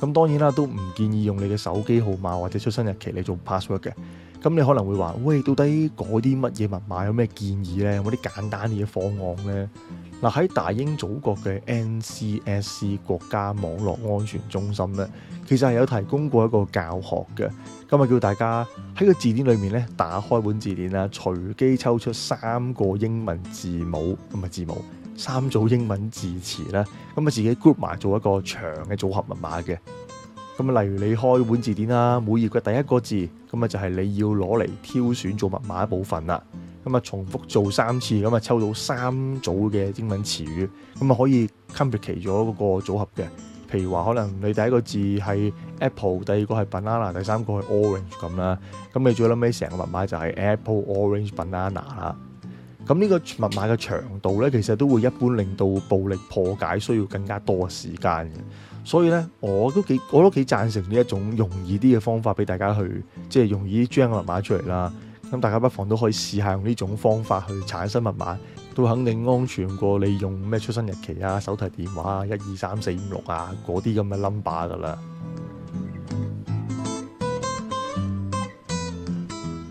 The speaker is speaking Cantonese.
咁當然啦，都唔建議用你嘅手機號碼或者出生日期嚟做 password 嘅。咁你可能會話：「喂，到底嗰啲乜嘢密碼有咩建議呢？有冇啲簡單啲嘅方案呢？」嗱，喺大英祖國嘅 NCSC 國家網絡安全中心呢，其實係有提供過一個教學嘅。咁咪叫大家喺個字典裏面呢，打開本字典啦，隨機抽出三個英文字母咁嘅字母。三組英文字詞啦，咁啊，自己 group 埋做一個長嘅組合密碼嘅。咁啊，例如你開本字典啦，每頁嘅第一個字，咁啊就係你要攞嚟挑選做密碼一部分啦。咁啊，重複做三次，咁啊，抽到三組嘅英文詞語，咁啊，可以 complicate 咗嗰個組合嘅。譬如話，可能你第一個字係 apple，第二個係 banana，第三個係 orange 咁啦。咁你最撚尾成個密碼就係 apple orange banana 啦。咁呢個密碼嘅長度呢，其實都會一般令到暴力破解需要更加多嘅時間嘅。所以呢，我都幾我都幾贊成呢一種容易啲嘅方法俾大家去，即係容易啲將個密碼出嚟啦。咁大家不妨都可以試下用呢種方法去產生密碼，都肯定安全過你用咩出生日期啊、手提電話 1, 2, 3, 4, 5, 啊、一二三四五六啊嗰啲咁嘅 number 㗎啦。